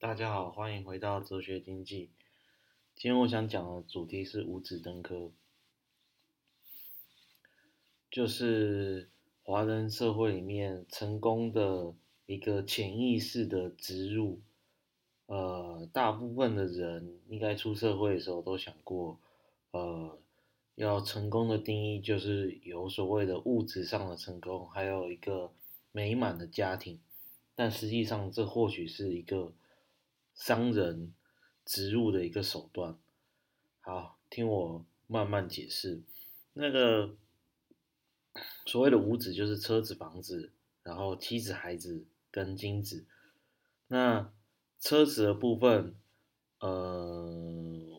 大家好，歡迎回到哲學經濟。今天我想講的主題是“五子登科”，就是華人社會裡面成功的一個潛意識的植入。呃，大部分的人應該出社會的時候都想過，呃，要成功的定義就是有所謂的物質上的成功，還有一個美滿的家庭。但實際上，這或許是一個商人植入的一個手段，好，聽我慢慢解釋。那個所謂的五子就是車子、房子，然後妻子、孩子跟金子。那車子的部分，呃，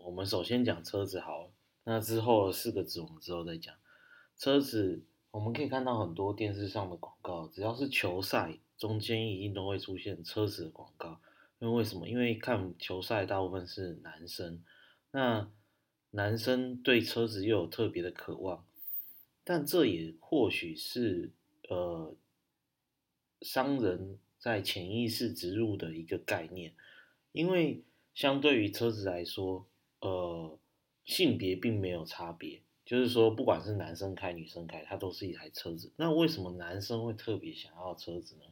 我們首先講車子好了，那之後四個子我們之後再講。車子，我們可以看到很多電視上的廣告，只要是球賽，中間一定都會出現車子的廣告。因為為什麼？因為看球賽大部分是男生，那男生對車子又有特別的渴望，但這也或許是呃商人在潛意識植入的一個概念，因為相對於車子來說，呃性別並沒有差別，就是說不管是男生開、女生開，它都是一台車子。那為什麼男生會特別想要車子呢？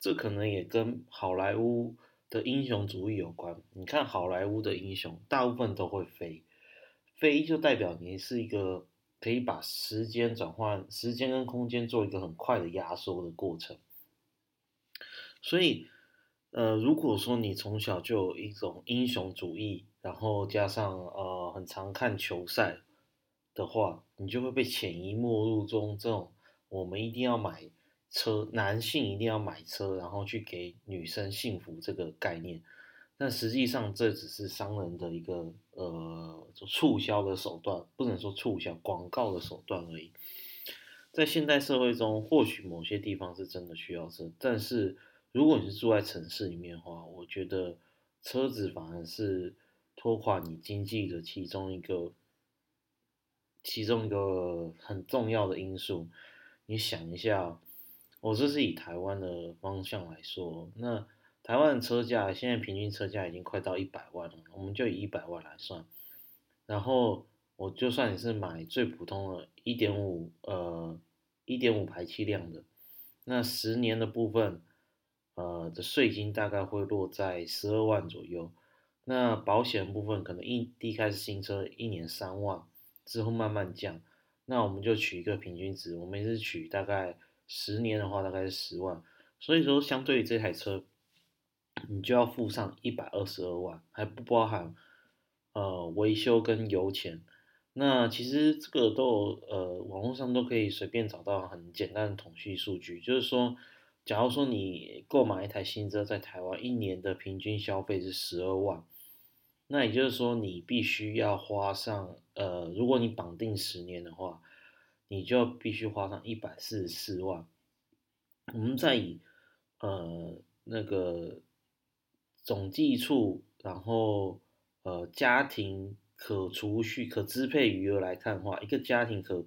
這可能也跟好萊塢。的英雄主義有關，你看好萊塢的英雄大部分都會飛，飛就代表你是一個可以把時間轉換、時間跟空間做一個很快的壓縮的過程。所以，呃，如果說你從小就有一種英雄主義，然後加上呃很常看球賽的話，你就會被潛移默入中這種我們一定要買。車，男性一定要買車，然後去給女生幸福這個概念，但實際上這只是商人的一個呃促銷的手段，不能說促銷廣告的手段而已。在現代社會中，或許某些地方是真的需要車，但是如果你是住在城市裡面的話，我覺得車子反而是拖垮你經濟的其中一個其中一個很重要的因素。你想一下。我、哦，這是以台灣的方向來說，那台灣的車價現在平均車價已經快到一百萬了，我們就以一百萬來算。然後我就算你是買最普通的一點五呃一點五排氣量的，那十年的部分，呃的稅金大概會落在十二萬左右。那保險部分可能一第一開始新車一年三萬，之後慢慢降，那我們就取一個平均值，我們也是取大概。十年的話大概是十萬，所以說相對於這台車，你就要付上一百二十二萬，還不包含呃維修跟油錢。那其實這個都有呃網絡上都可以隨便找到很簡單的統計數據，就是說，假如說你購買一台新車在台灣一年的平均消費是十二萬，那也就是說你必須要花上呃，如果你綁定十年的話。你就必須花上一百四十四萬。我們再以呃那個總計處，然後呃家庭可儲蓄可支配餘額來看的話，一個家庭可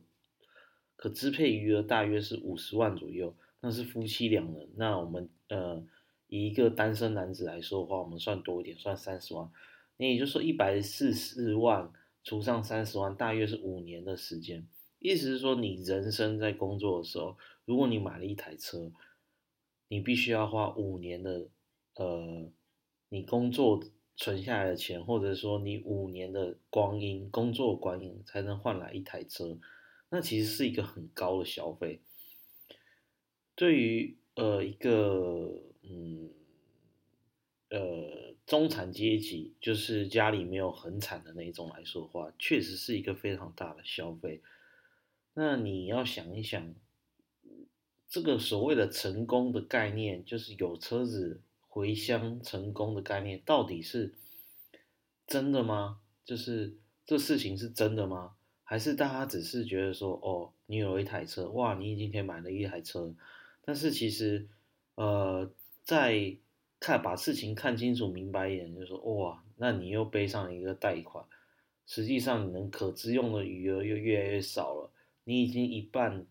可支配餘額大約是五十萬左右，那是夫妻兩人。那我們呃以一個單身男子來說的話，我們算多一點，算三十萬。那也就是說一百四十四萬除上三十萬，大約是五年的時間。意思是說，你人生在工作的時候，如果你買了一台車，你必須要花五年的，呃，你工作存下來的錢，或者說你五年的光陰，工作光陰才能換來一台車，那其實是一個很高的消費。對於呃一個嗯，呃中產階級，就是家裡沒有很慘的那種來說的話，確實是一個非常大的消費。那你要想一想，這個所謂的成功的概念，就是有車子回鄉成功的概念，到底是真的嗎？就是這事情是真的嗎？還是大家只是覺得說，哦，你有一台車，哇，你今天買了一台車，但是其實，呃，在看把事情看清楚明白一點，就是說，哇，那你又背上一個貸款，實際上你能可支用的餘額又越來越少了。你已經一半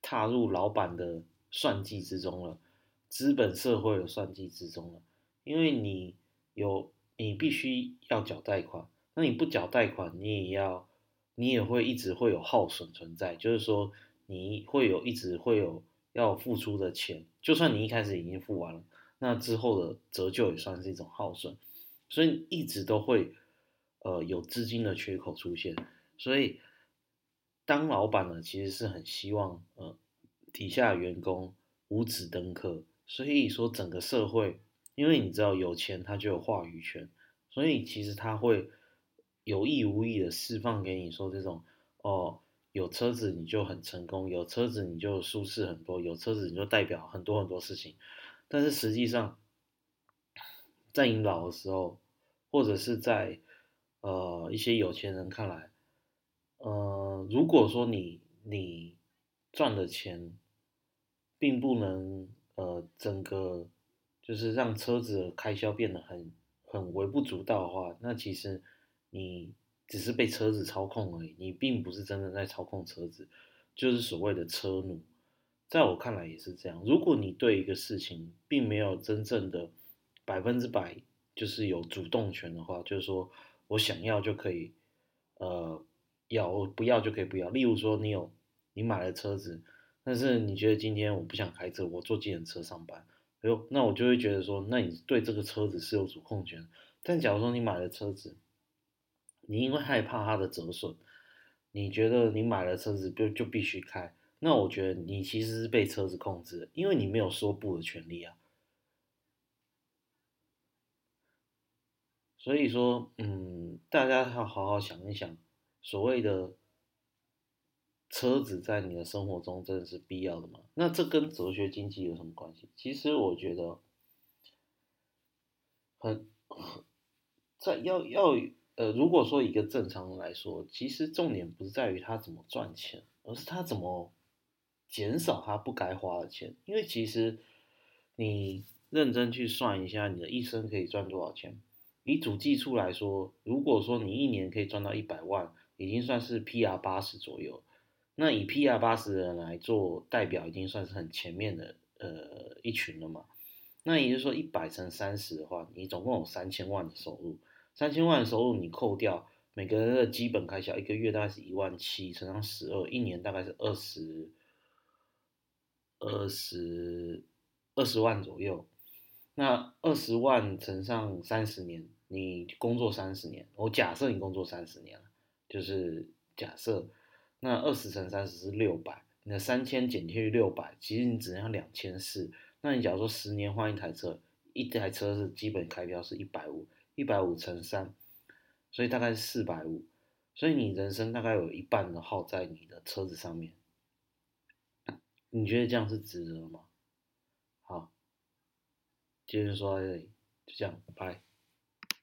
踏入老闆的算計之中了，資本社會的算計之中了。因為你有，你必須要繳貸款，那你不繳貸款，你也要，你也會一直會有耗損存在。就是說，你會有一直會有要付出的錢，就算你一開始已經付完了，那之後的折舊也算是一種耗損，所以你一直都會，呃，有資金的缺口出現，所以。當老闆呢，其實是很希望呃，底下員工五子登科。所以說，整個社會，因為你知道有錢他就有話語權，所以其實他會有意無意的釋放給你說，這種哦、呃，有車子你就很成功，有車子你就舒適很多，有車子你就代表很多很多事情。但是實際上，在你老的時候，或者是在呃一些有錢人看來。呃，如果說你你賺的錢並不能呃整個就是讓車子的開銷變得很很微不足道的話，那其實你只是被車子操控而已，你並不是真的在操控車子，就是所謂的車奴，在我看來也是這樣。如果你對一個事情並沒有真正的百分之百就是有主動權的話，就是說我想要就可以，呃。要我不要就可以不要。例如說，你有你買了車子，但是你覺得今天我不想開車，我坐計程車上班，哎呦，那我就會覺得說，那你對這個車子是有主控權。但假如說你買了車子，你因為害怕它的折損，你覺得你買了車子就就必須開，那我覺得你其實是被車子控制，因為你沒有說不的權利啊。所以說，嗯，大家要好好想一想。所謂的車子在你的生活中真的是必要的嗎？那這跟哲學經濟有什麼關係？其實我覺得很很在要要呃，如果說一個正常人來說，其實重點不是在於他怎麼賺錢，而是他怎麼減少他不該花的錢。因為其實你認真去算一下，你的一生可以賺多少錢？以主計處來說，如果說你一年可以賺到一百萬。已經算是 P R 八十左右，那以 P R 八十的人來做代表，已經算是很前面的呃一群了嘛。那也就是說，一百乘三十的話，你總共有三千萬的收入。三千萬的收入，你扣掉每個人的基本開銷，一個月大概是一萬七，乘上十二，一年大概是二十二十二十萬左右。那二十萬乘上三十年，你工作三十年，我假設你工作三十年了。就是假設，那二十乘三十是六百，那三千減去六百，其實你只剩下兩千四。那你假如說十年換一台車，一台車是基本開銷是一百五，一百五乘三，所以大概是四百五。所以你人生大概有一半的耗在你的車子上面。你覺得這樣是值得嗎？好，今天說到這裡，就這樣，拜。